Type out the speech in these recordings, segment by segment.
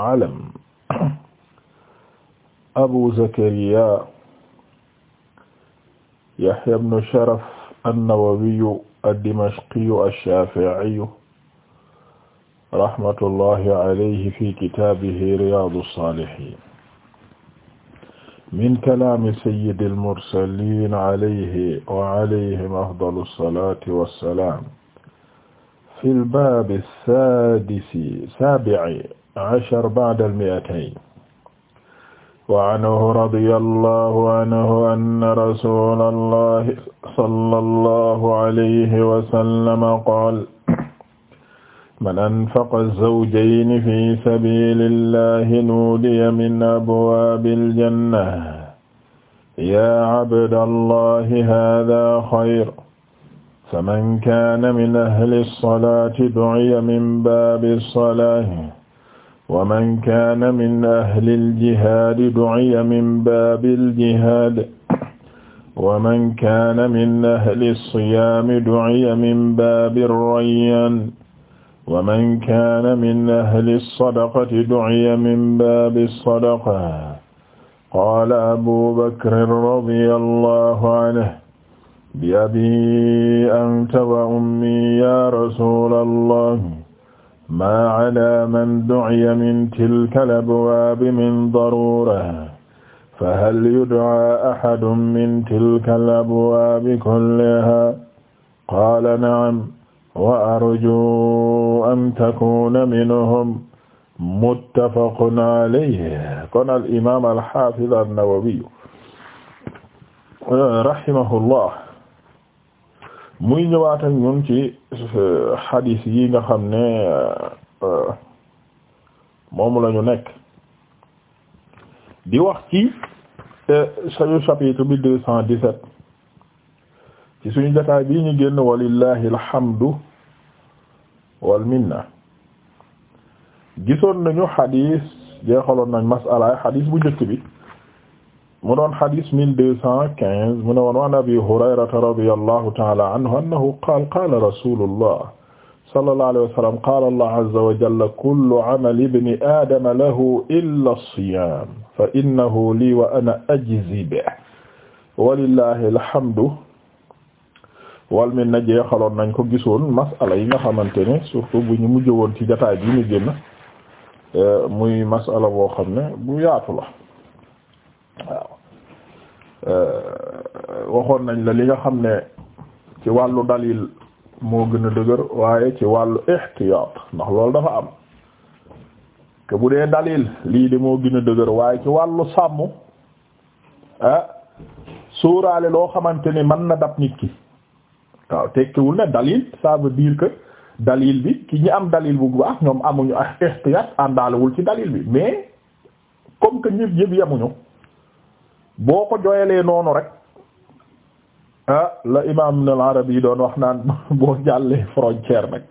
alam abu zakariya yahya ibn sharaf an-nawawiyu ad-dimashqiyu ash-shafi'iyu rahmatullahi alayhi fi kitaabihi riyaadu saalihiin min kalaami sayyidil mursaliin alayhi wa alayhim afdalu salaati wa salaam fil baabi saadisi saabi'i ashar ba'da al-mi'atayn wa anhu radiyallahu anhu anna rasulallahi sallallahu alayhi wa sallam qaala man anfaqa zawjayni fi sabilillahi nuudiya min abwaabil janna yaa abdallahi haaza xayr faman kaana min ahli salaati du'iya min baabi salaati waman kaana min ahli ljihaadi duciya min baabi ljihaad waman kaana min ahli siyaami duciya min baabi rayyaan waman kaana min ahli sadaqati duciya min baabi sadaqa qaala abu bakrin radiyallahu anhu bi abii anta wa ummii yaa rasuulallah maa calaa man duciya min tilka al-abwaabi min daruura fahal yudcaa axadun min tilka al-abwaabi kullihaa qaala nacam wa arjuu an takuuna minhum muttafaqun calayhi kon al-imaam al-xaafiz an-nawawi rahimahullaah muy ñëwaata ak ñun ci hadith euh, yi nga xam ne euh, moom la ñu nekk di wax ci euh, sayu chapitre bi deux cent dix set ci suñu jotaay bii ñu génn walillahi alhamdu wal minna gisoon nañu hadith jeexaloon nañ masalaay hadith bu njëkk bi mu doon xadis mille deux cent quinze mu ne woon waan abi hurayrata radiyallahu taala anhu annahu qaala qaala rasulullah sallallahu alayhi wa sallam qaala allah azza wa jalla kullu amali ibni aadama lahu illa as-siyaam fa innahu lii wa ana ajzii bihi walillahi alhamdu wal minna jeexaloon nañ ko gisoon masala yi nga xamante ne surtout bu ñu mujj woon ci jotaay bi ñu génn eh, muy masala boo xam ne bu yaatu la waaw euh, waxoon nañ la li nga xam ne ci wàllu dalil moo gën a dëgër waaye ci wàllu ihtiyaat ndax loolu dafa am que bu dee dalil lii de moo gën a dëgër waaye ci wàllu sàmm ah suuraale loo xamante ni mën na dab nit ki waaw tekkiwul ne dalil ça veut dire que bi ki ñi am dalil bu baax ñoom amuñu ihtiyaat àndaalewul ci dalil bi mais comme que ñëpp yëpp yemuñu boo ko jooyalee noonu rek ah la imaam al arabi yi doon wax naan boo jàllee frontière nag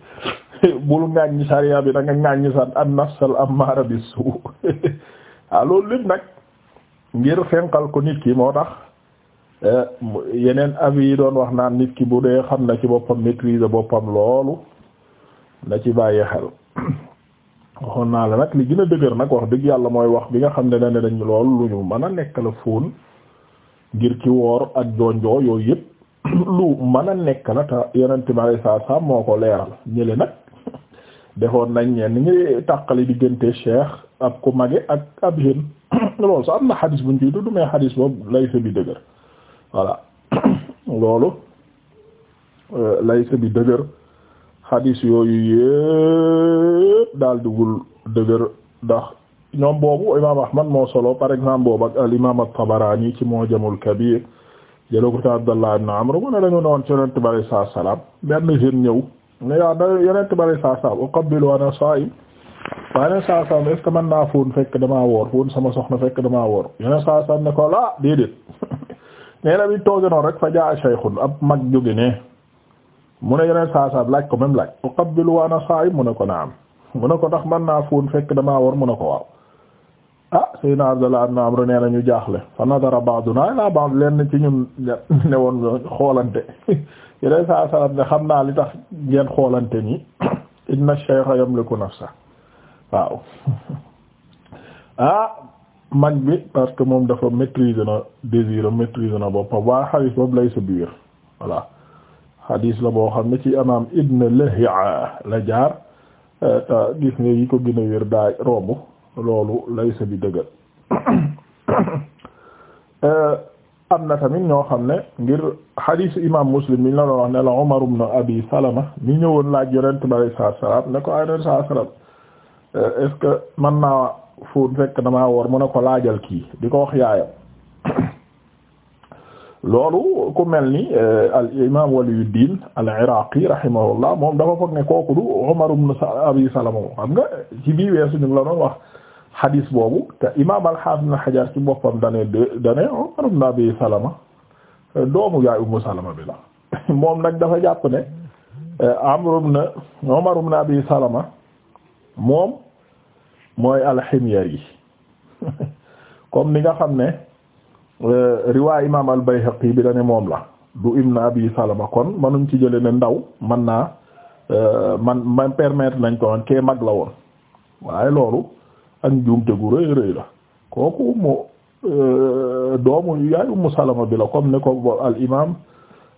bul ŋàññi sariya bi da nga ŋàññi sa an nafsal ammaara bi suu ah loolu lépp nag ngir fenqal ko nit ki moo tax eh, yeneen avis yi doon wax naan nit ki bu dee xam na ci boppam maîtriser boppam loolu na ci bàyyi xel waxoon naa la nag li gën a dëgër nag wax dëgg yàlla mooy wax bi nga xam ne dañ ne dañ lool lu ñu mën a nekk la fóon ngir ci woor ak jonjoo yooyu yëpp lu mën a nekk la te yeneen timare saa saa moo ko leeral ñële nag defoon nañ ñenn ñi tàqali diggante cheikh ab ku mage ak ab jeune loolu sax am na xadis buñ ciy du mais xadis boobu lay sa bi dëgër voilà loolu euh, lay sa bi dëgër xadiis yooyu yëpp daal dugul dëgër ndax ñoom boobu imaam Ahmad moo solo par exemple boobu ak al imaam at-Tabarani ci Mu'jamul Kabir jëla ko ta Abdallah ibn Amr mu ne dañu ne woon ci yonent bi alayhi benn jeune ñëw ne yaa da yonent bi alayhi salaatu salaam uqabbilu waaye yonent saa salaam est-ce naa fóon fekk damaa woor fóon sama soxna fekk damaa woor yonent saa ne ko laa déedéet nee na bi tooge noonu rek fa jaa shaykhun ab mag jóge mu ne yeneen saa saa laaj ko même laaj uqabbilu wa ana saa'im mu ne ko naam mu ne ko ndax man naa fóon fekk damaa war mu ne ko waaw ah Seydina Abdallah na ñu jaaxle fa nadara ba'duna ila ba'd leen ci ñun ne woon xoolante xam naa li tax ngeen xoolante nii inna ash-shaykha yamliku nafsa waaw ah mag bi parce que moom dafa maîtriser na désir maîtriser na boppam waaye xalis boobu lay sa biir voilà xadis la boo xam ne ci imaam Ibn Lahi'a la jaar euh, gis ne yi ko gën a wér daay romb loolu laysa bi dëgër euh, am na tamit ñoo xam ne ngir xadisu imam Muslim mi la doon wax ne la Umar ibn Abi Salama mi ñëwoon laaj yonent bi alayhi salaatu salaam ne ko yonent salaatu salaam euh, est-ce que mën naa fóon fekk damaa woor mu ne ko laajal kii di ko wax yaayam loolu ku mel ni euh, al imaam Waliyuddin al Iraqi rahimahullah moom dafa foog ne kooku du Umar ibn Abi Salama xam nga ci bii weesu ñu la doon wax hadis boobu te imaam al-Hafiz ci boppam dane dane Umar ibn Abi Salama euh, doomu yaay Ummu Salama bi la moom nag dafa jàpp ne euh, Amr ibn Umar ibn Abi Salama moom mooy al-Himyari comme ni nga xam ne Euh, riwaay imaam al-Bayhaqi bi dane moom la du ibn Abi Salama kon manuñ ci jële ne ndaw man naa euh, man man permettre nañ ko kee mag la woon waaye loolu ak njuumte gu rëy rëy la kooku moo euh, doomu yaay Ummu Salama bi la comme ne ko bo al imaam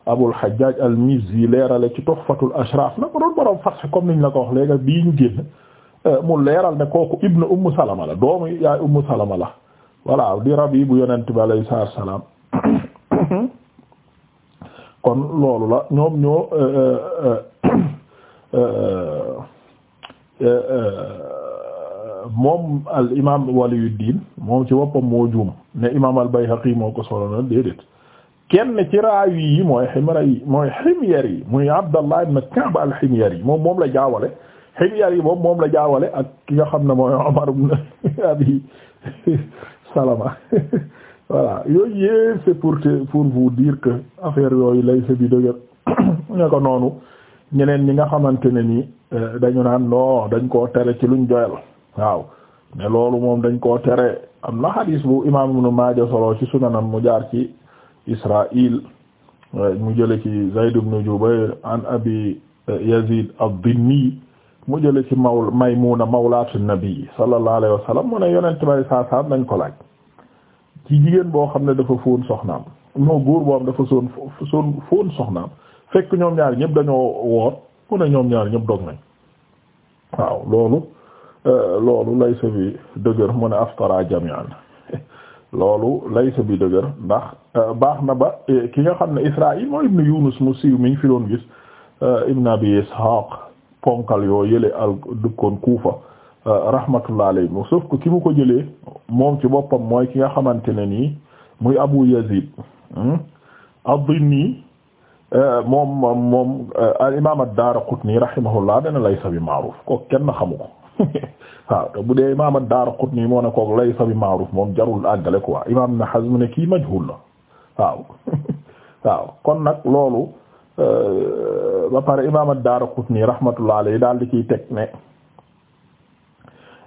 Abul Hajjaj al-Mizzi leerale ci Tuhfatul Ashraf na ko doon borom Fath comme niñ la ko wax léegi bii ñu génn mu leeral ne kooku ibn Ummu Salama la doomu yaay Ummu Salama la voilà di rab yi bu yonent bi alayhi salaam kon loolu la ñoom ñoo euh, euh, euh, moom al imaam waliyuddin moom ci woppam moo juum ne imaam al bayhaqi moo ko solo na déedéet kenn ci raawi yi mooy ximra yi mooy ximyar yi muy abdallah ibn ka'b al ximyar yi moom moom la jaawale ximyar yi moom moom la jaawale ak ki nga xam ne mooy Umar ibn Abi Salama voilà yooyu yëpp c'est pour te pour vous dire affaire yooyu lay sa dëgër ne noonu ñeneen ñi nga xamante ne nii euh, dañu naan non dañ koo tere ci luñ doyal waaw mais loolu moom dañ koo tere am na xadiis bu imaam Ibn Maaja solo ci sunanam mu jaar ci Israaïl mu jële ci Zayd ibn Jubayr an Abi Yazid ad-Dinni mu jële ci maw Maymuna mawlaatu nabi sallallahu alayhi wa sallam mu ne yonent bari saa saam nañ ko laaj ci jigéen boo xam ne dafa fóon soxnaam moo góor boo xam dafa soon soon fóon soxnaam fekk ñoom ñaar ñëpp dañoo woor mu ne ñoom ñaar ñëpp dog nañ waaw loolu euh, loolu laysa bi dëgër mu ne aftara jami'an loolu laysa bi dëgër ndax euh, baax na ba ki nga xam ne Israa'il mooy ibnu Yunus mu siiw mi ñu fi doon gis euh, ibnu Abi Ishaq ponkal yoo yële al dëkkoon Kuufa euh, rahmatullah alayhi mu sauf que ki mu ko jëlee moom ci boppam mooy ki nga xamante ne nii muy Abu Yazid hmm? ad-Dinni euh, moom moom euh, al imaam ad-Daaraqutni rahimahullah dana laysa bi ma'ruf kooku kenn xamu ko waaw te bu dee imaam ad-Daaraqutni moo ne kooku laysa bi ma'ruf moom jarul àggale quoi imaam Ibn Hazm ne kii majhul la waaw kon nag loolu. Euh, ba pare imaam ad-Daaraqutni rahmatullah alayhi daal di ciy teg ne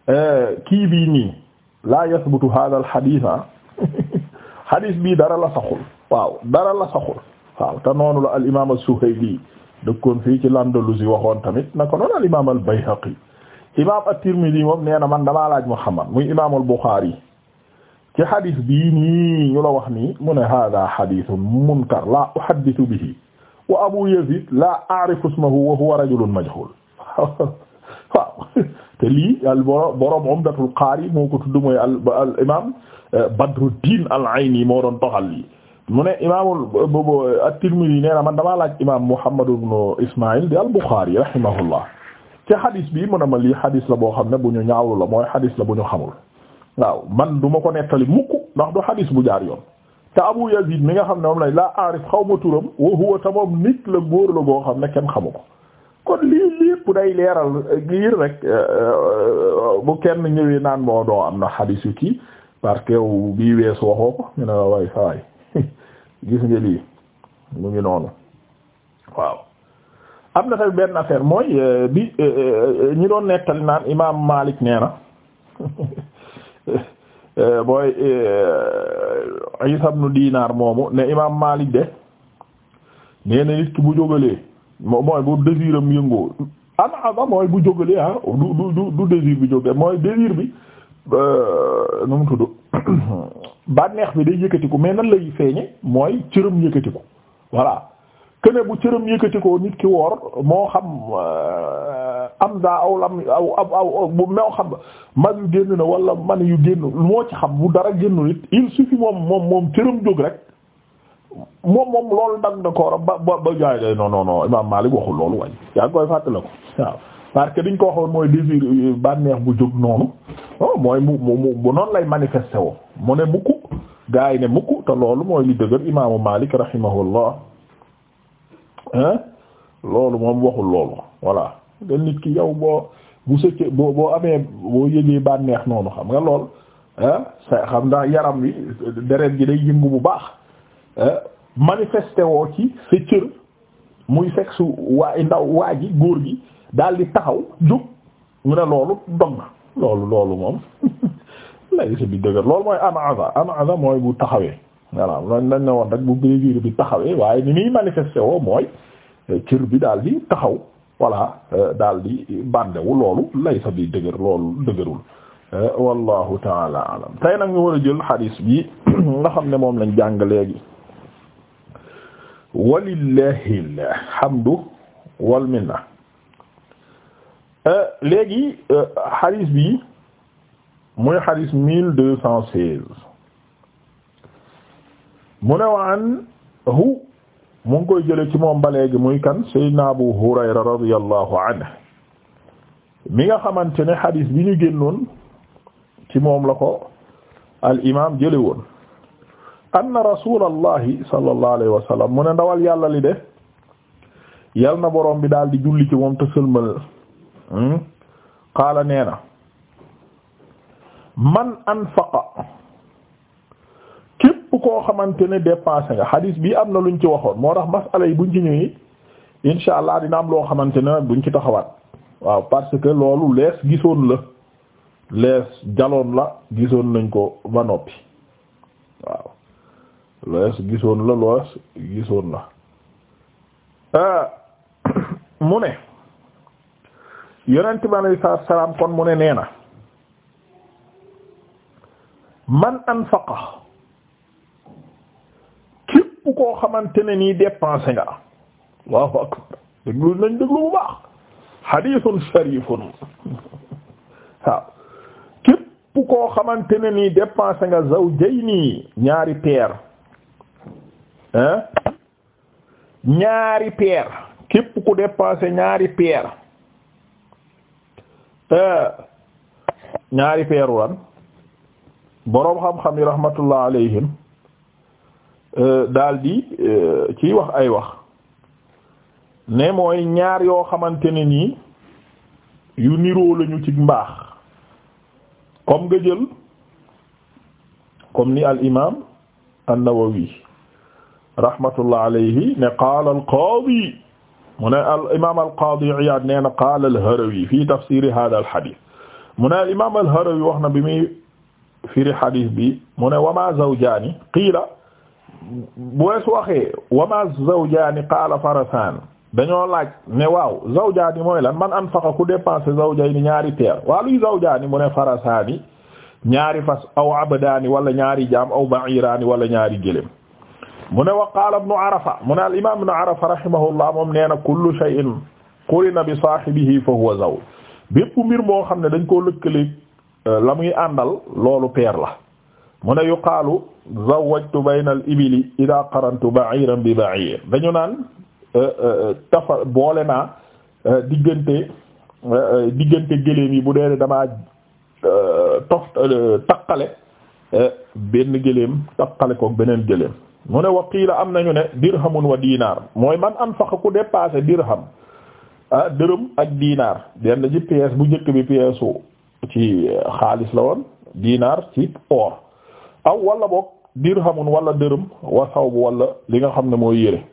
euh, kii bii nii laa yasbutu hada al hadith ah. hadith bii dara la saxul waaw dara la saxul waaw te noonu la al imaam as-Suhayli dëkkoon fii ci l'Andalousie waxoon tamit na ko noonu al imaam al Bayhaqi imaam at-Tirmidhi moom nee man damaa laaj Muhammad muy imaam al Bukhari ci hadith bii ñu la wax nii mu ne munkar la uhaddithu bihi wa abu yazid la a'rifu ismahu wa huwa rajulun majhul waaw te lii al borom umdatul qaari moo ko tudd mooy al al imaam eh, badruddin al ayni moo doon toxal lii mu ne imaamul at-tirmidhi nee na man damaa laaj imaam muhammad ibn ismail di al buxaari rahimahullah ci hadis bi mu ne ma lii hadis la boo xam ne bu ñu ñaawlu la mooy hadis la bu ñu xamul waaw man du ma ko nettali mukk ndax du hadis bu jaar te Abu Yazid mi nga xam ne moom lañ laa aarif xaw ma turam wa huwa nit la góor la goo xam ne kenn xamu ko kon lii lépp day leeral lii rek euh, euh, bu kenn ñëwee naan moo doo am na xadiis yu kii parce que yow bii wees waxoo ko gis nga lii mu ngi noonu waaw am na tamit benn affaire mooy euh, bi ñi doon nettali naan imaam Maalik nee na Euh, booy euh, Isa ibn Dinar moomu ne imaam Malik de nee nit ki bu jógalee mooy bu désiram yëngoo ana aba mooy bu jógalee ah du du du bi jóge mooy désir bi euh, nu mu tudd bànneex bi day yëkkatiku mais nan lay feeñe mooy cëram yëkkatiku voilà kene bu cëram yëkkatikoo nit ki woor moo xam am daa aw lam aw aw bu meew xam mag yu génn na wala man yu génn moo ci xam bu dara génnul it il suffit moom moom moom cëram rek moom moom loolu dag na ko ba ba ba jaay day non non non Imaam waxul loolu waaye yaa ngi koy fàttaliku waaw parce que diñ ko waxoon mooy désir bànneex bu jóg noonu oh mooy mu mu mu bu noonu lay manifesté mu ne mukk gaa yi ne mukk te loolu mooy li dëgër Imaamu Maalik rahimahullah loolu moom waxul loolu voilà. nga nit ki yow boo bu sëccee boo boo amee boo yëgee bànneex noonu xam nga lool ah, xam ndax yaram wi deret gi day yëngu bu baax ah, manifesté woo ci sa cër muy fekk su waa ndaw waa góor gi daal di taxaw jóg mu ne loolu dog na loolu loolu moom lay bi dëgër loolu mooy anaasa anaasa mooy bu taxawee voilà loolu na ne woon rek bu brévure bi taxawee waaye ni muy manifesté woo mooy cër bi daal di taxaw voilà euh, daal di bandewu loolu laysa bi dëgër loolu dëgërul euh, wallahu taala alam tey nag ñu war a jël xadiis bi nga xam ne moom lañ jàng léegi walillahi alhamdu wal euh, léegi xadiis bi muy xadiis mille deux cent seize mu ne waan hu mu ngi koy jële ci moom ba léegi muy kan sayyidina Abu Hurayra radiyallahu anhu mi nga xamante ne xadis bi ñu génnoon ci moom la ko al imaam jële woon anna rasulallahi sallallahu alayhi mu ne ndawal yàlla li de yal na boroom bi daal di julli ci moom te sëlmal hmm? qaala nee man anfaqa képp koo xamante ne dépassé nga xadiis bi am na luñ ci waxoon moo tax masala yi buñ ci ñëwee insha allah dina am loo xamante ne nag buñ ci taxawaat waaw parce que loolu lees gisoon la lees jaloon la gisoon nañ ko ba gisoon la lees gisoon la euh, mu ne yonent bi alayhi salaam kon mu ne nee na man anfaqa képp koo xamante ne nii dépensé nga Allahu akbar déglu nañ déglu bu baax hadithun sharifun waaw képp koo xamante ne nii dépensé nga zawjayni ñaari paire hein ñaari paire képp ku dépensé ñaari paire euh, ñaari paire wan boroom xam-xam yi alayhim Euh, daal di euh, ciy wax ay wax ne mooy ñaar yoo xamante ni nii yu niroo lañu ci mbaax kom nga jël ni al imaam an-Nawawi rahmatullah alayhi ne qaala al qaadi mu ne al imaam al qaadi Iyaad nee na al Harawi fii tafsiiri haaza al mu ne al imaam al Harawi wax na bi muy firi hadiis bi mu ne wa zawjaani qiila boo su waxee wama zawjaani qaala farasaan dañoo laaj ne waaw zawjaani mooy lan man anfaqa ku dépensé zawjaani ñaari teer waa luy zawjaani mu ne farasaani ñaari fas aw abdaani wala ñaari jaam aw ba'iraani wala ñaari gëléem mu ne wa qaala ibnu arafa mu ne al imaam ibnu arafa rahimahullah moom nee na kullu shay'in qurina bi saahibihi fa huwa zawj bépp mbir moo xam ne dañ koo lëkkaleeg euh, la muy àndal loolu peer la mu ne yuqaalu zawwajtu bayna al ibili ida qarantu ba'iran bi ba'ir dañu naan euh, euh, tafa boole naa euh, diggante diggante gëléem yi bu dee damaa tof taqale benn gëléem taqale koog beneen gëléem mu ne wa am nañu ne dirhamun wa diinaar mooy man anfaqa ku dépassé dirham ah dërëm ak diinaar benn ci pièce bu njëkk bi pièce ci xaalis la woon ci or aw wala boog dirhamun walla dërëm wa sawbu wala li nga xam ne mooy yére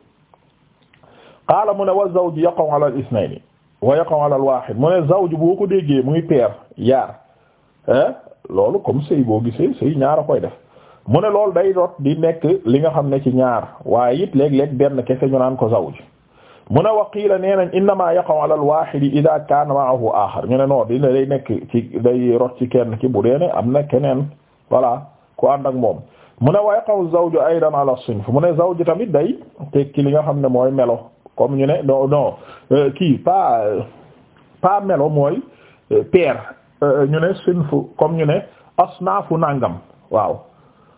qaala mu ne wa zawju yaqaw ala al isnayni wa yaqaw ala al wahid mu ne zawju boo ko déggee muy peer yaar loolu comme sëy boo gisee sëy ñaar a koy def mu ne lool day rot di nekk li nga xam ne ci ñaar waaye it léeg-léeg benn kese ñu naan ko zawju mu ne waqiila nee nañ innama yaqaw ala al wahid idha kaana ma'ahu axar ñu ne non dina day nekk ci day rot ci kenn ki bu dee ne am na keneen voilà. ku ànd ak moom mu ne way xaw zawju aydan ala sinf mu ne zawju tamit day tekki li nga xam ne mooy melo comme ñu ne non non euh, kii pas pas melo mooy euh, paire euh, ñu ne sinf comme ñu ne asnaafu nangam waaw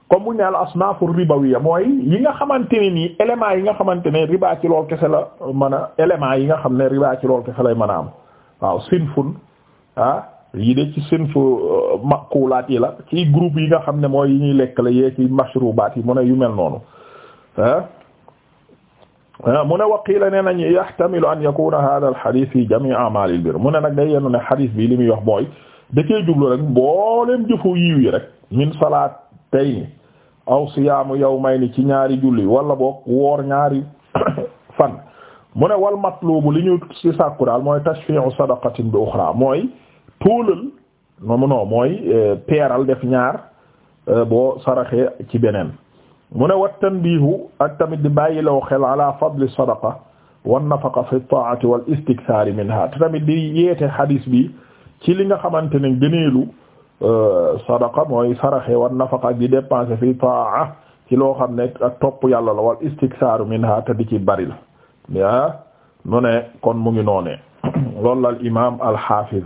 comme bu ñu naan asnaafu ribawiya mooy yi nga xamante ne nii éléments yi nga xamante ne riba ci lool kese la mën a éléments yi nga xam ne riba ci lool kese lay mën a am waaw sinfun ah. lii de ci sinfu euh, maqulaat yi la ci groupe yi nga xam ne mooy yi ñuy lekk la yee ci mashrubaat yi mu ne yu mel noonu ah mu ne waqiila ne nañ yahtamilu an yakuna hadha al mu ne nag day yenn ne hadith bi li muy wax mooy da cee jublu rek mbooleem yi rek min salaatayni aw siyaamu yawmayni ci ñaari julli wala boog woor ñaari fan mu ne wal matlubu li ñu ci sàkku daal mooy tashfi'u sadaqatin bi ukhra mooy tóolal noonu non mooy euh, peeral def ñaar euh, boo saraxee ci beneen mu ne wat tanbihu ak tamit di bàyyilaw xel ala fadli sadaqa wan nafaqa fi taati wal istiksaari minha te tamit di yeete hadis bi ci li nga xamante ne gëneelu euh, sadaqa mooy saraxe wan nafaqa ak di dépenser fi taa ci loo xam ne ak topp yàlla la wal istiksaaru minha te di ci bari la kon mu ngi noonee loolu imaam al xaafiz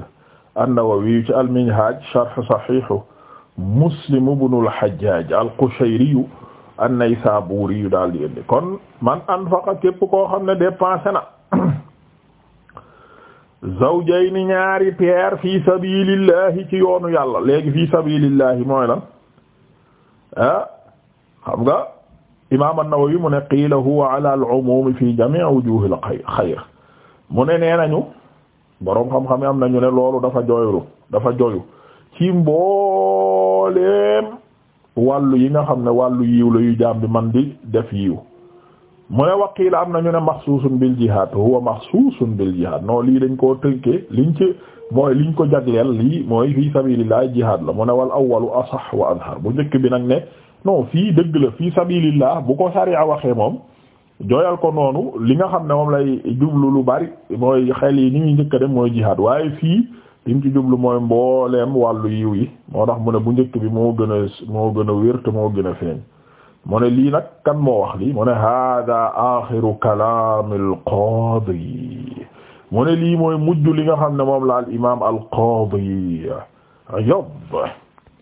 an-Nawawi ci al-Minhaj sharh Sahih Muslim ibn al-Hajjaj al-Qushayri an-Naysaburi daal di indi kon man anfaqa képp koo xam ne dépensé na zawjayni ñaari paire fi sabilillahi ci yoonu yàlla léegi fi sabilillahi mooy lan ah xam nga imaam an-Nawawi mu ne qiila huwa ala al-umum fi jami' wujuhil xayr mu ne nee nañu boroom xam-xam yi am nañu ne loolu dafa joylu dafa joyu ci mbooleem wàllu yi nga xam ne wàllu yiw la yu jaam bi man di def yiw mu ne waqiila am na ñu ne maxsuusun bil jihaad huwa maxsuusun bil jihaad non lii dañ koo tënkee liñ ci mooy liñ ko jagleel lii mooy fii sabilillah jihaad la mu ne wal awwalu asah wa azhar bu njëkk bi nag ne non fii dëgg la fii sabilillah bu ko sariya waxee moom jooyal ko noonu li nga xam ne moom lay jublu lu bari mooy xel yi ni ñuy njëkk dem mooy jihaad waaye fii li mu ci jublu mooy mboolem wàllu yiw yi moo tax mu ne bu njëkk bi moo gën a moo gën a wér te moo gën a feeñ mu ne lii nag kan moo wax lii mu ne hada axiru kalaam al qaadi mu ne mooy mujj li nga xam ne moom la al imaam al qaadi Iyaad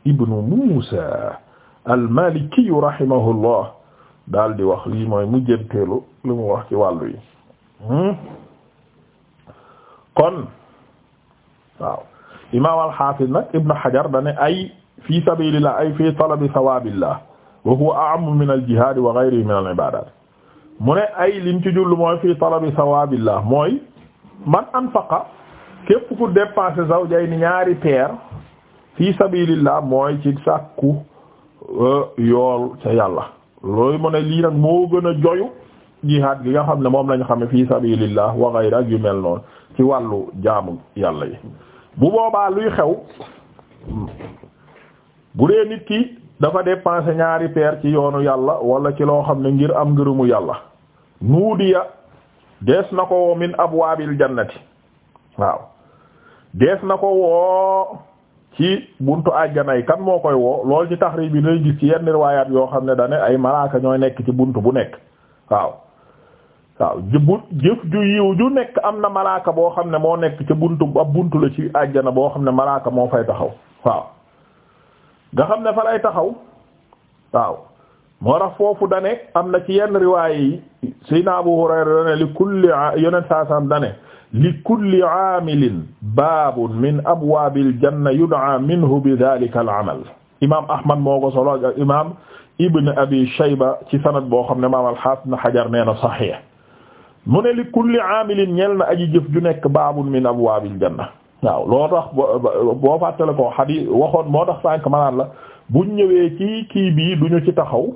ibnu Muusaa al daldi wax lii mooy mujjanteelu lu mu wax ci wàllu yi hmm? kon waaw imam al Ibn Hajar dane ay fi sabilillah ay fi talabi thawabillah wa huwa a'ammu min al-jihad wa min al-ibadat mu ne ay lim ci jullu mooy fi talabi thawabillah mooy man anfaqa képp ku dépensé zawjay ni ñaari paire fi sabilillah mooy ci sàkku euh, yool ca yàlla loolu mu ne lii nag moo gën a joyu jihaad gi nga xam ne moom lañ xame fi sabilillah wa ghayra ak yu mel noonu ci wàllu jaamu yàlla bu boobaa luy xew bu dee nit ki dafa dépenser ñaari paire ci yoonu yàlla wala ci loo xam ne ngir am ngërëmu yàlla nuudiya dees na ko woo min abwaabil jannati waaw dees na ko woo ci buntu àjjanay kan moo koy woo lool ci taxriib bi lay gis ci yenn riwaayaat yoo xam ne dane ay malaaka ñooy nekk ci buntu bu nekk waaw waaw jëbut jëf ju yiw ju nekk am na malaaka boo xam ne moo nekk ci bunt ab buntu la ci àjjana boo xam ne malaaka moo fay taxaw waaw nga xam ne fa lay taxaw waaw moo tax foofu dane am na ci yenn riwaay yi Seydina Abu Hurayra dane li kulli yonent saa sam dane li kulli aamilin baabun min abwaabil janna yud'aa minhu bi dhaalika al-amal imaam Ahmad moo ko solo ak imaam Ibn Abi Shayba ci sanad boo xam ne imaam al-Haafiz Ibn Hajar nee na saxiix mu ne li kulli aamilin ñeel na aji jëf ju nekk baabun min abwaabil janna waaw loo tax boo fàttale ko xadi waxoon moo tax sànq manaan la buñ ñëwee ci kii bii duñu ci taxaw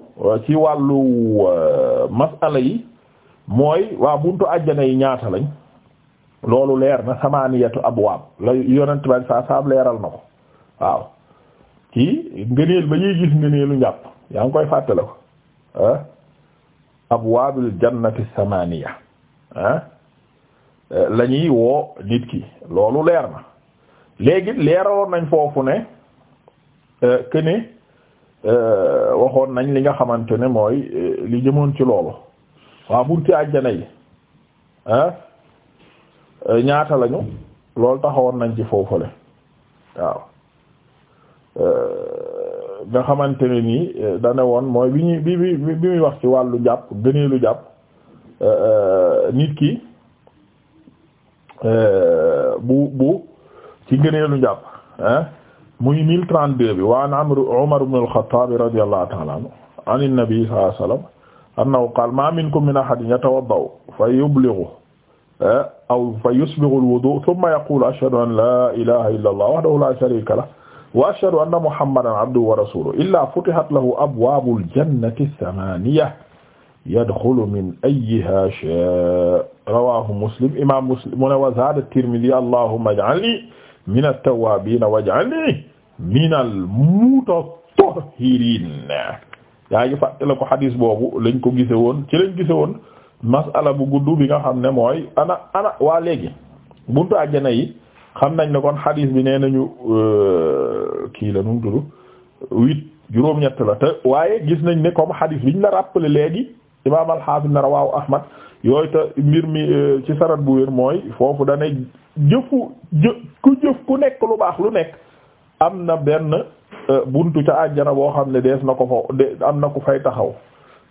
ci wàllu euh, masala yi mooy waa buntu àjjana yi ñaata lañ. loolu leer na samaniyatu abwaab la yonent ba saa leeral na ko waaw kii ngëneel ba ñuy gis ngëneelu njàpp yaa ngi koy fàttale ko ah abwaabil jannati ah, lañuy woo nit ki loolu leer na léegi leeraloon nañ foofu ne eh, que ne eh, waxoon nañ li nga xamante ne mooy eh, li jëmoon ci loolu waa bunti àjjana yi ah, Euh, ñaata lañu loolu taxawoon nañ ci foofule waaw euh, nga xamante ne nii euh, da woon mooy bi ñuy bi bi muy wax ci wàllu jàpp gëneelu jàpp nit ki bu bu ci gëneelu jàpp ah muy 1032 bi waa an amr Umar ibn al-Khattab radiyallahu ta'ala anhu an an-nabi sallallahu alayhi wa sallam annahu qala ma minkum min ahadin yatawadda'u fa yublighu Eh? aw fa yusbighu al-wudu thumma yaqulu ashhadu an la ilaha illa allah wahdahu la sharika lahu wa ashhadu anna muhammadan abduhu wa rasuluhu illa futihat lahu abwabul jannati ath-thamaniya yadxulu min ayyiha shaa rawahu muslim imam muslim mu ne wa zaada at-tirmidhi allahumma ij'alni min at-tawwabin waj'alni min al-mutatahhirin yaa ngi fàttali ko hadis boobu lañ ko gise woon ci lañ gise woon masala bu gudd bi nga xam ne mooy ana ana waa léegi buntu àjjana yi xam nañ ne kon xadiis bi ne nañu euh, kii la nu mu tudd huit juróom-ñett la te waaye gis nañ ne comme xadiis bi ñu la rappelé léegi imaam al-Hafiz na rawawu Ahmad yooyu te mbir mi euh, ci sarat bu wér mooy foofu dana jëfu jë ku jëf ku nekk lu baax lu nekk am na benn euh, buntu ca àjjana boo xam ne dees na ko fa am na ku fay taxaw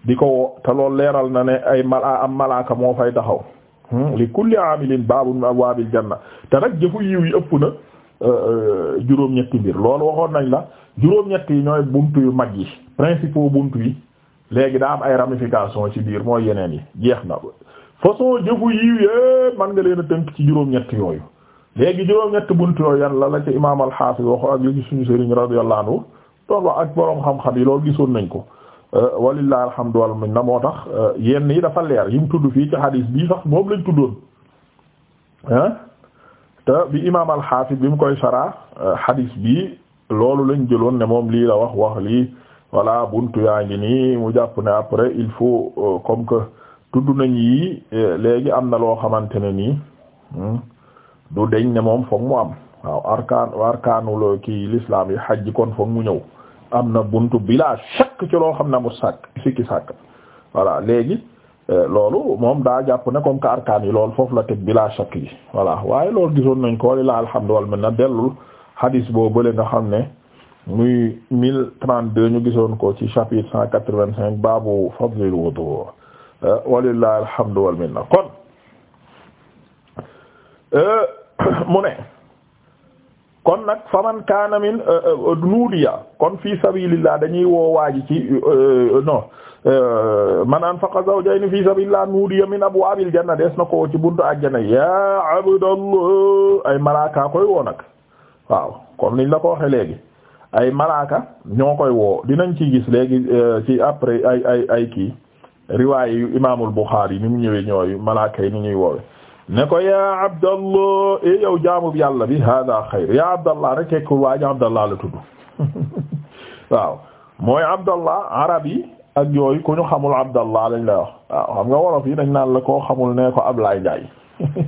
di ko woo te lool leeral na ne ay mala am malaaka moo fay taxaw hmm? li kulli amilin baabu min abwaabil janna te nag jëfu yiw yi ëpp na euh, euh, juróom-ñetti mbir loolu waxoon nañ la juróom-ñett yi ñooy buntu yu mag yi principaux buntu yi léegi daa am ay ramification ci biir mooy yeneen yi jeex na façon jëfu yiw yi mën nga leen a tënk ci juróom-ñett yooyu léegi juróom-ñett buntu yooyu yan la la ca imaam al-Hafiz waxoon ak li ci suñu sëriñ radiyallahu anhu doon wax ak boroom xam yi loolu gisoon nañ ko Euh, walillahi alhamdu wal minna moo tax euh, yenn yi dafa leer yi mu tudd fii ci hadis bii sax moom lañ tuddoon ah te bi imaam al-Hafiz mu koy sara euh, hadis bi loolu lañ jëloon ne moom lii la wax wax lii voilà buntu yaa ngi nii mu jàpp ne après il faut comme que tudd nañ yi léegi am na loo xamante ne nii hmm, du deñ ne moom foog mu am waaw arkaan arkaanul kii l'islam yi xaj kon foog mu ñëw am na buntu bila shakk ci loo xam ne mu sàkk sikki sàkk voilà léegi euh, loolu moom daa jàpp ne comme que arkaan yi lool foofu la teg bila shakk yi voilà waaye loolu gisoon nañ ko walilah alhamdulilah mën na dellul hadis boo bële nga xam ne muy 1032 ñu gisoon ko ci chapitre 185 baabu fadlil wudu euh, walilah alhamdu wal minna kon euh, mu ne kon nag faman kaana min euh, euh, nuudiya kon fi sabilillah dañuy woo waaji ci euh, non man anfaqa zawjayni fi sabilillah nuudiya min abwaabil janna des na ko ci buntu àjjana ya abdallah ay malaaka koy woo nag waaw kon liñ la ko waxe léegi ay malaaka ñoo koy woo dinañ ci gis léegi ci après ay ay ay kii riwaay yu imaamul Buxaari ni mu ñëwee ñooyu malaaka yi ni ñuy woowe ne ko yaa abdallah e yow jaamub yàlla bi hada xayr yaa abdallah rek tekkul waaji abdallah la tudd waaw mooy abdallah arab yi ak yooyu ku ñu xamul abdallah lañ lay wax waaw xam nga wolof naan la koo xamul ne ko Ablaye Ndiaye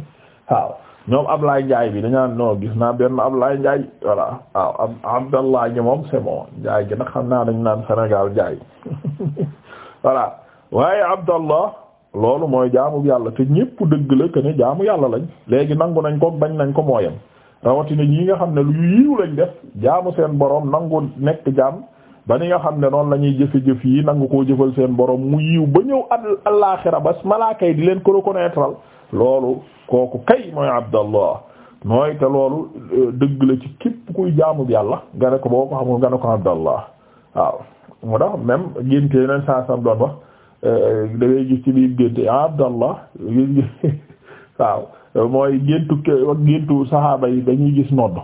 waaw ñoom Ablaye Ndiaye bi dañ naan non gis naa benn Ablaye Ndiaye voilà waaw ab abdallah gi moom c'est bon Ndiaye gi nag xam naa dañ naan Sénégal Ndiaye waaye abdallah loolu mooy jaamu yàlla te ñépp dëgg la que ne jaamu yàlla lañ léegi nangu nañ ko bañ nañ ko mooyam rawatina ñi nga xam ne lu yiw lañ def jaamu seen borom nangu nekk jaam ba ni nga xam ne noonu la ñuy jëfe-jëf yi nangu koo jëfal seen boroom mu yiw ba ñëw allaaxira bas malaaka kay di leen ko reconnaître loolu kooku kay mooy abdallah mooy te loolu euh, dëgg la ci képp kuy jaamu yàlla nga ne ko boo ko xamul nga ne ko abdallah waaw moo tax même génte neen saa sam doon Euh, da ngay gis ci biir gént abdallah waaw mooy géntu ak géntu saxaaba yi dañuy gis nodd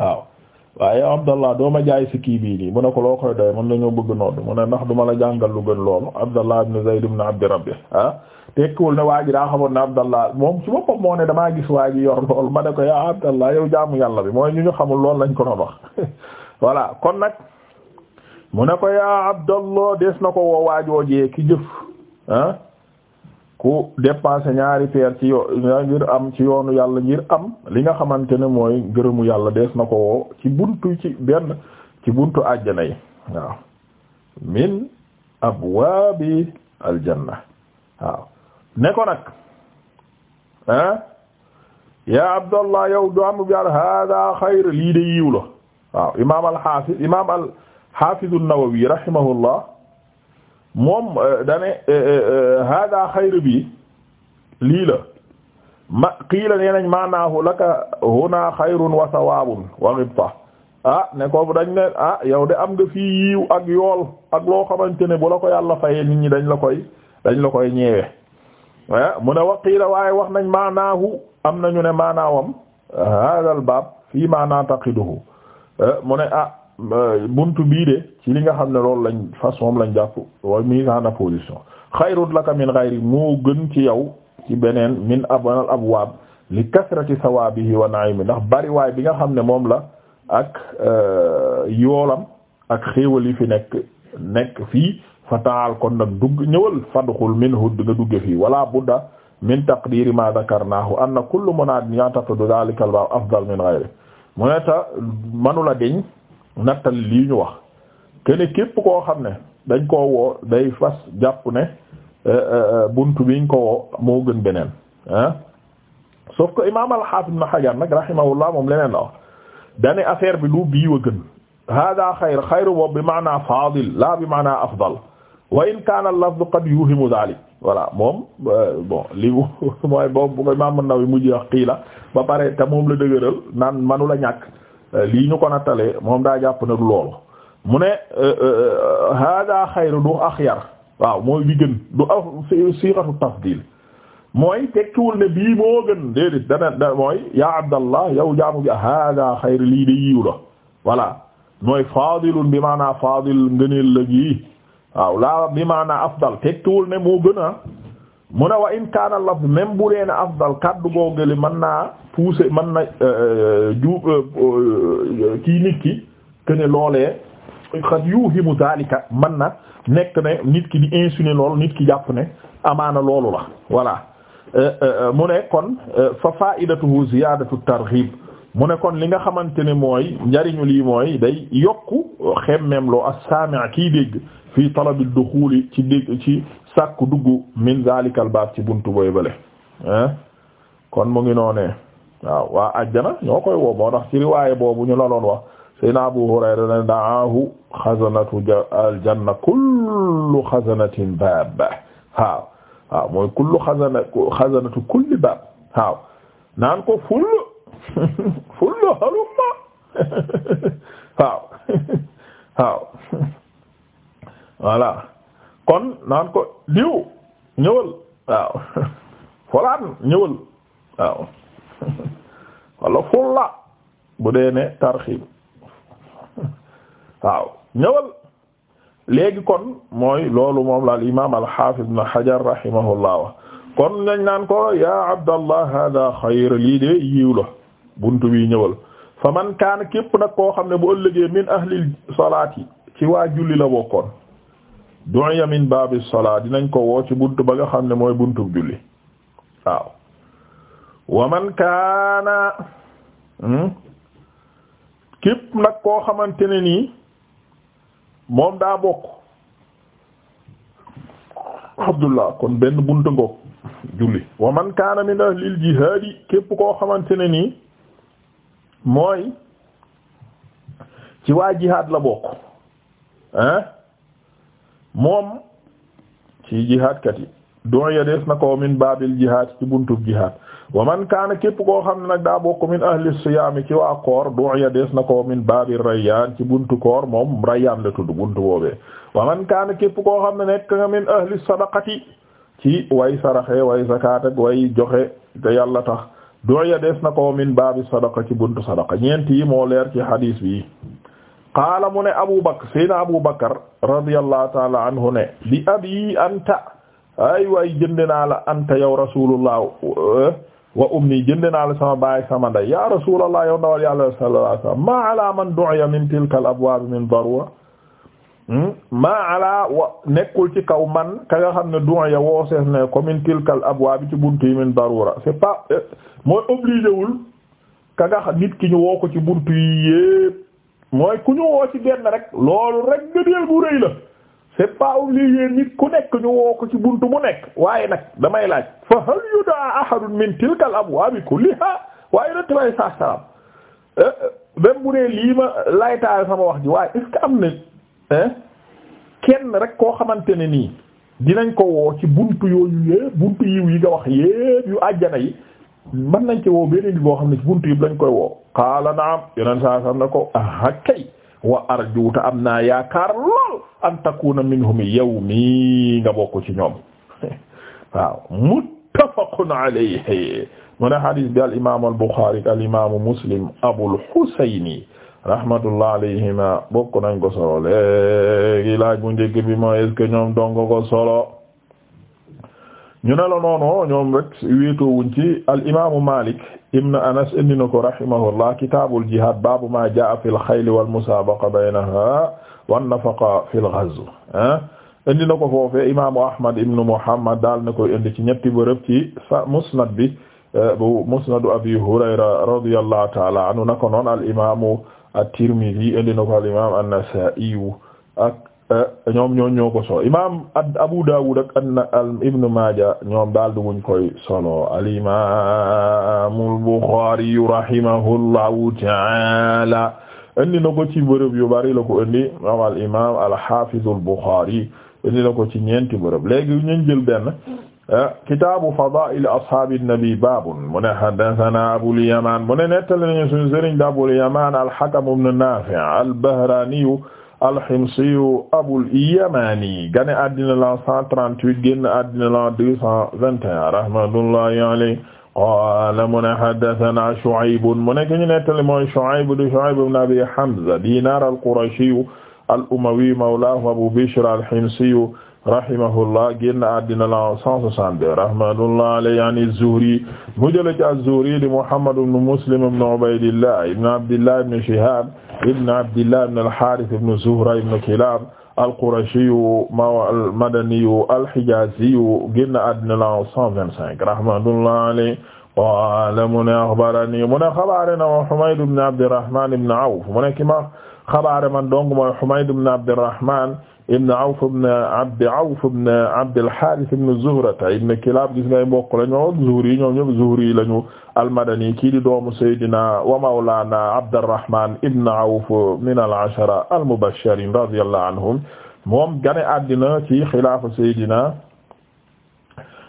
waaw waaye abdallah dooma jaay si kii bii nii mu ne ko loo koy doy mën nañoo bëgg nodd mu ne ndax duma la jàngal lu gën loolu abdallah ibn zayd na abdi rabbi ah tekkiwul ne waa ji daa xamoon ne abdallah moom ci boppam moo ne damaa gis waa ji yor lool ma ne ko yaa abdallah yow jaamu yàlla bi mooy ñu ñu xamul loolu lañ ko doon wax kon nag mu ne ko yaa abdallah des na ko woo waajoojee ki jëf ah ku dépensé ñaari peer ci yo ngir am ci yoonu yàlla ngir am li nga xamante ne mooy ngërëmu yàlla des na ko woo ci buntu ci benn ci buntu àjjana yi waaw min abwaabi aljanna waaw ne ko nag ah, yaa abdallah yow du am bi al xayr lii de yiw la waaw imaam al hafiz imaam al xaafizu Nawawi rahimahullah moom euh, dane euh, euh, hada xayr bi lii la ma qiila nee nañ maanaahu laka huna xayrun wa sawaabun wa ghibta ah ne ko dañ ne ah yow de am nga fii yiiw ak yool ak loo xamante ne bu la ko yàlla fayee nit ñi dañ la koy dañ la koy ñeewe eh, mu ne wa qiila waaye wax nañ maanaahu am nañu ne maanaawam hada al baab fii ma eh, mu ne ah buntu bii de ci li nga xam ne loolu lañ fas moom lañ jàpp wa mise en apposition gën ci yow ci beneen min abanal abwaab li kasrati sawaabihi wa naimi ndax bariwaay bi nga xam ne moom la ak euh, yoolam ak xéewal yi fi nekk nekk fii fa taal kon nag dugg ñëwal fadxul minhu nga dugge fii wala budda min taqdiri ma dakarnahu anna kullu munaadin ya'taqidu dhalika al-baab afdal min ghayri mu ne manula deñ nattal lii ñu wax kene képp koo xam ne dañ koo woo day fas jàpp ne euh, euh, bunt biñ ko woo moo gën beneen ah sauf que imam al-Hafiz Ibn Hajar nag rahimahullah moom leneen la wax dane affaire bi lu bii wa gën hada xayr xayru boobu bi maana fadil la bi maana afdal wa in kaana al-lafz qad yuhimu dhalik voilà moom euh, bon li mooy boobu bu ko imam an wax qiila ba pare te moom la dëgëral naan manu la ñàkk Euh, lii ñu ko nattalee moom daa jàpp na du loolu mu ne euh, euh, hada xayru du axyar waaw mooy bi gën du af siixatu tafdil mooy tekkiwul ne bii moo gën déedéet mooy yaa abdallah yow jaamu bi hada xayru lii de yiiw la voilà mooy faadilun bi maanaa faadil ngëneel la gi waaw laa bi maanaa afdal tekkiwul ne moo gën ah. mu ne wa in kaana lafz même bu dee na afdal kaddu googale man naa pousser man na euh, euh, ju euh, kii nit ki que loole loolee xat yuhimu man mën na nekk ne nit ki di insinuer lool nit ki jàpp ne amaana loolu la voilà mu ne kon fa faidatuhu ziyadatu targhib mu ne kon li nga xamante ne mooy njariñu lii mooy day yokku xemmem loo as-sami' kii dégg fii talabil dukhuli ci dégg ci sàkku dugg min zalikal baab ci buntu boy bale eh? kon mu ngi noonee waaw waa ajjana ñoo koy woo moo ci riwaaye boobu ñu laloon wa wax sayna Abu Hurayra ne da'ahu xazanatu aljanna kullu baab waaw naan ko full full halumma waaw waaw voilà kon naan ko liw ñëwal waaw folaan ñëwal waaw wala fulla bu dee ne tarxiib waaw ñëwal léegi kon mooy loolu moom la al imaam al xaafid ibn Hajar rahimahullah kon nañ naan ko ya Abdallah hada xayr lii de yiw la buntu bi ñëwal fa man kaan képp nag koo xam ne bu ëllëgee min ahli salaati ci waa julli la bokkoon du'a min baabi dinañ ko woo ci buntu ba nga xam ne mooy buntu julli waaw wa hmm? képp nag koo xamante ne nii moom daa bokk Abdullah kon benn buntu ngoog julli wa man kaana min ahlil jihaadi képp koo xamante ne nii mooy ci waa jihaad la bokk ah moom ci jihaadkat yi don ya dees na ko min baabil jihaad ci buntub jihaad wa man kaana képp koo xam ne nag daa bokk min ahli siyaami ci waa koor don ya dees na ko min baabil rayyaan ci buntu koor moom rayyaan la tudd buntu boobee wa man kaana képp koo xam na nekk nga min ahli sadaqati ci way saraxe way zakaat ak way joxe te yàlla tax don ya dees na ko min baabi sadaqa ci buntu sadaqa ñeent yi moo leer ci hadis bi qaala mu ne Abu Bakr Seydina Abu Bakr taala anhu ne bi abi anta ay waay jënd naa la anta yow rasulullah eh, wa ummi jënd la sama baay sama nday ya rasulullah yow ndawal yàlla sallallahu maa ala man du'iya min tilka al min darwa hmm, maa ala nekkul ci kaw man ka nga xam ne du'a ya wooseef ne ko min tilka al ci buntu yi min darura c'est pas eh, mooy obligé ka nga nit ki ñu woo ci buntu yi yépp mooy ku ñu woo ci benn rek loolu rek gëneel bu rëy la c'est pas obligé nit ku nekk ñu woo ko ci buntu mu nekk waaye nag damay laaj fa hal yudaa ahadun min tilka al abwaabi kulliha waaye rek lay saa salaam eh, eh, même bu dee lii ma laytaal sama wax ji waaye est-ce que am na eh, kenn rek koo xamante ne nii dinañ ko woo ci buntu yooyu yépp buntu yiw yi nga wax yépp yu àjjana yi man nañ ci woo beneen bi boo xam ne ci buntu yëpp lañ koy woo qaala naam yeneen saa sam ko aha ah, wa arjuuta am naa yaakaar lool an takuna minhum yow mi nga bokk ci ñoom waaw muttafaqun alayhi mu ne hadis bi al imaamu al muslim abul xusayni rahmatullah alayhima bokk nañ ko solo léegi laaj bu njëkk bi mooy est ñoom dong ko solo. ñu ne la noonu ñoom rek wéetoowuñ ci al imaamu Malik ibn Anas indi na ko rahimahullah kitaabul jihaad baabu maa jaa fil xayl wal musaabaqa baynaha wan na ko foofe imaamu Ahmad ibn Muhammad daal na ko indi ci ñetti bërëb ci sa musnad bi eh, bu musnadu Abi Hurayra radiyallahu ta'ala anhu na ko noon al imaamu at-Tirmidhi indi na ko al imaam an-Nasaa'i ak Euh, ñoom ñoo ñoo ko solo imaam Abu Dawud ak Ibn Maaja ñoom daal du wuñ koy solo al imaamul Buxaari rahimahullahu ta'ala indi na ko ci bërëb yu bari la ko indi moom al imaam al haafizul Buxaari indi na ko ci ñeenti bërëb léegi ñu jël benn euh, kitaabu fadaa'il ashaabi nabi baabun mu ne haddasanaa Abul Yamaan mu ne nettali nañu sunu sëriñ Abul Yamaan al Hakam ibn Naafi' al Bahraani alximsiyu abul yamani gane addina la 138 génn addina la 221 rahmatullahi alayhi qaala mu ne haddathana Shu'ayb mu nekk ñu nettali mooy Shu'ayb di Shu'ayb ibn Abi Hamza Dinar al-Qurashiyu al-Umawiyu mawlaahu Abu Bishr alximsiyu rahimahullah génn àddina la 162 rahmatullah alayhi an az-Zuhri mu jële ci az-Zuhri di Muhammad ibn Muslim ibn Ubaydillah ibn Abdillah ibn Shihab ibn Abdillah ibn al-Harith ibn Zuhra ibn Kilab al-Qurashiyu al-Madaniyu al-Hijaziyu génn àddina la 125 rahmatullah alayhi qala mu ne akhbarani mu ne xabaare na Humayd ibn Abdirrahman ibn Awf mu ne ki ma xabaare man dong mooy Humayd ibn Abdirrahman ibn Awf ibn Abd Awf ibn Abd al-Harith ibn Zuhrata ibn Kilab gis ngay mbokk la ñoo Zuhri ñoom kii di doomu Seydina wa mawlana Abdurrahman ibn Awf min al-ashara al-mubashirin radiyallahu anhum moom gane àddina ci a Seydina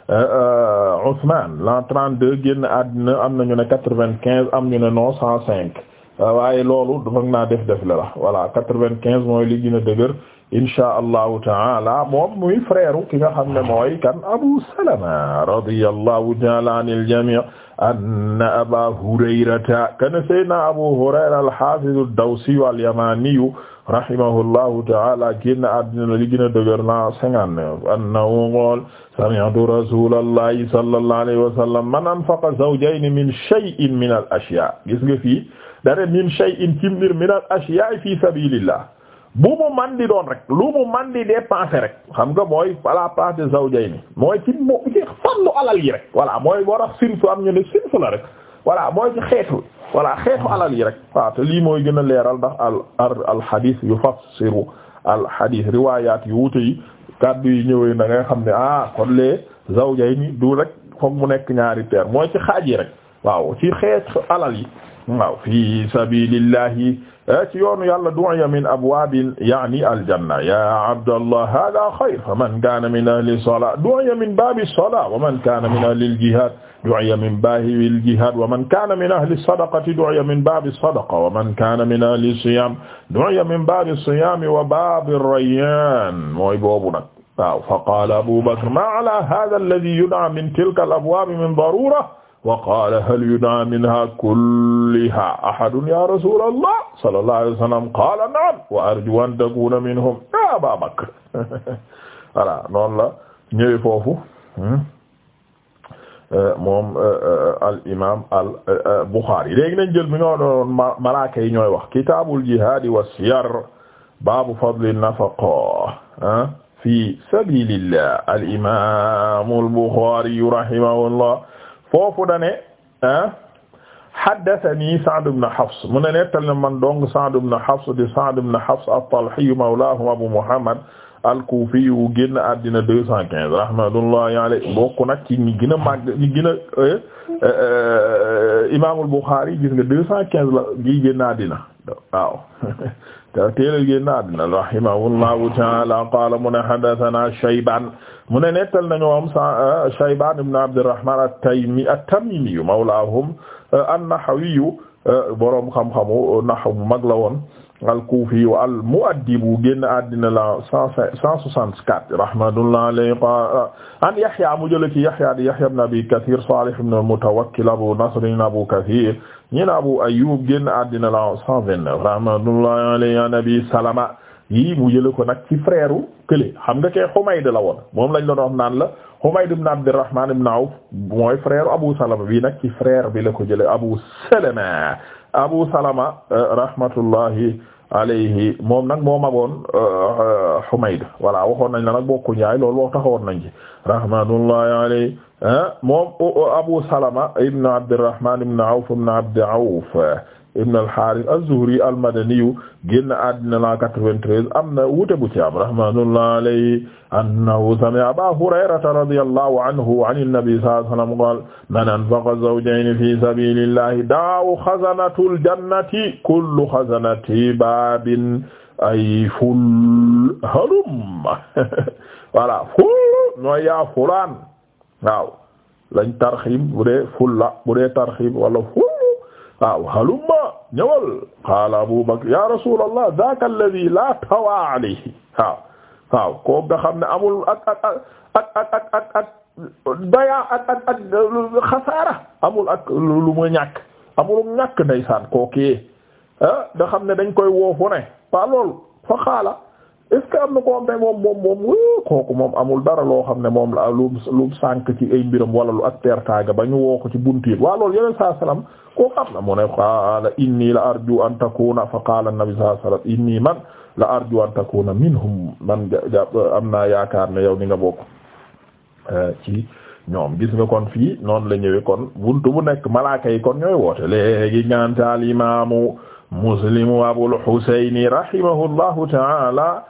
euh, euh, Ousmane l'an 32 génn àddina am nañu ne 95 am ñu ne non 105 Euh, waaye loolu dafag naa def def la la voilà quatre-vingt-quinze mooy li gën a dëgër insha allahu taala moom muy frère ki nga xam ne mooy kan Abu Salama radiyallahu taala anil jami' anna Aba Hurayrata kana sayyidina Abu Hurayra al-hafiz ad-Dawsi al-Yamani rahimahullahu taala génn àddina li gën a dëgër la cinquante-neuf annahu qaala sami'tu rasulallahi sallallahu alayhi wa sallam man anfaqa zawjayn min shay'in min al-ashya' gis nga fii dane min shay'in ci mbir min al ashiya'i fi sabilillah bu mu man di doon rek lu mu man di dépenser rek xam nga mooy wala place de zawjayni mooy ci mo ci farlu alal yi rek voilà mooy boo tax sinfu am ñu ne sinfu la rek voilà mooy ci xeetu voilà xeetu alal yi rek waaw te lii mooy gën a leeral ndax al al hadith yufassiru al hadith riwaayaat yu wuute yi kàddu yi ñëwee na nga xam ne ah kon lee zawjayni du rek foog mu nekk ñaari paire mooy ci xaaj yi rek waaw ci xeetu alal yi waaw fi sabilillahi eh, ci yoonu yàlla du'iya min abwabin yaani aljanna ya abdallah hada xayr faman kana min ahli sola du'iya min babi sola wa man kana min ahli aljihad du'iya min babi aljihad wa man kana min ahli sadaqati du'iya min babi sadaqa wa man kana min ahli siyam du'iya min babi siyam wa babi rayyan mooy boobu nag waaw fa qala abu bakr ma ala hada alladhi yud'a min tilka alabwab min darura wa qaala hal yud'aa minhaa kullihaa ahadun yaa rasuulallah sallallahu alayhi wa sallam qaala na'am wa arjuu an takuuna minhum yaa Abaa Bakr voilà noonu la ñëwee foofu hmm? euh, moom euh, euh, al imaam al Buxaari léegi nañ jël bi nga doon malaaka yi ñooy wax kitaabul jihaad wa siyar baabu fadli nafaqa fi sabiilillah al imaamul Buxaari rahimahullah foofu da ne ah, haddathani Sa'd ibn Hafs mu ne nettal na man dong Sa'd ibn Hafs di Sa'd ibn Hafs at-Talhi mawlahum Abu Muhammad al-Kufi yu génn àddina deux cent quinze rahmatullahi alayhi bokk nag ci ñi a màgg ñi gën a eh, eh, eh, Imaamul Bukhari teelal génn na àddina rahimahullahu ta'ala qala mu ne hadathana Shayban mu ne nettal nañu am euh, Shayban ibn Abdirrahman at-Taymi at-Tamimi mawlahum euh, an-Nahawi euh, boroom xam-xamu nahw bu mag la woon al-Kufi wa al-Mu'addib génn àddina la cent soixante-quatre rahmatullah alayhi an Yahya mu jële ci Yahya di Yahya ibn Abi Kathir Salih ibn Mutawakkil Abu Nasr ibn Abu Kathir ñi na Abu Ayyub génn àddina la cent vingt-neuf rahmatullah alayhi an Abi Salama yii mu jële ko nag ci frère kële xam nga kee Humayd la woon moom lañ la doon naan la Humayd ibn Abdurrahman ibn Awf mooy frère Abu Salama bi nag ci frère bi la ko jële Abu Salama Abu Salama rahmatullahi alayhi moom nag moo magoon euh, Humayd voilà waxoon nañ la nag bokku njaay loolu wax taxawoon nañ ci rahmatullahi alayhi moom Abu Salama ibn Abdurrahman ibn Awf ibn Abd Awf ibn al-Harith az-Zuhri al-Madaniyu génn àddina la 93 am na wuute bu ci am rahmatullahi alayhi annahu sami'a Aba Hurayrata radiyallahu anhu an an-nabi sallallahu alayhi wa sallam qaala man anfaqa zawjayni fi sabilillahi da'aw khazanatul jannati kullu khazanati babin ay ful halum voilà ful nooy yaa fulaan waaw lañ tarxiim bu dee ful la bu dee tarxiim wala ful waaw halumma ñëwal qaala Abu Bakr ya rasulallah dhaka alladhi la tawa alayhi waaw waaw koo xam ne amul ak ak ak ak ak ak daya amul ak lu mu ñàkk amul ñàkk ndeysaan koo kii ah, nga xam ne dañ koy woofu ne fa xaala est-ce que am na ko am ne moom moom moom wuu kooku moom amul dara loo xam ne moom la lu lu sànk ci ay mbiram wala lu ak tertaaga ba ñu woo ko ci buntu yi waaw loolu yeneen saa salaam kooku am na mu ne qaala inni la arju an takuna fa qaala an-nabi sallallahu alayhi wasallam inni man la arju an takuna minhum man am naa yaakaar ne yow ni nga bokk euh, ci ñoom gis nga kon fii noonu la ñëwee kon buntu bu nekk malaaka yi kon ñooy woote léegi gantaal imaamu muslimu abul husayni rahimahullahu ta'ala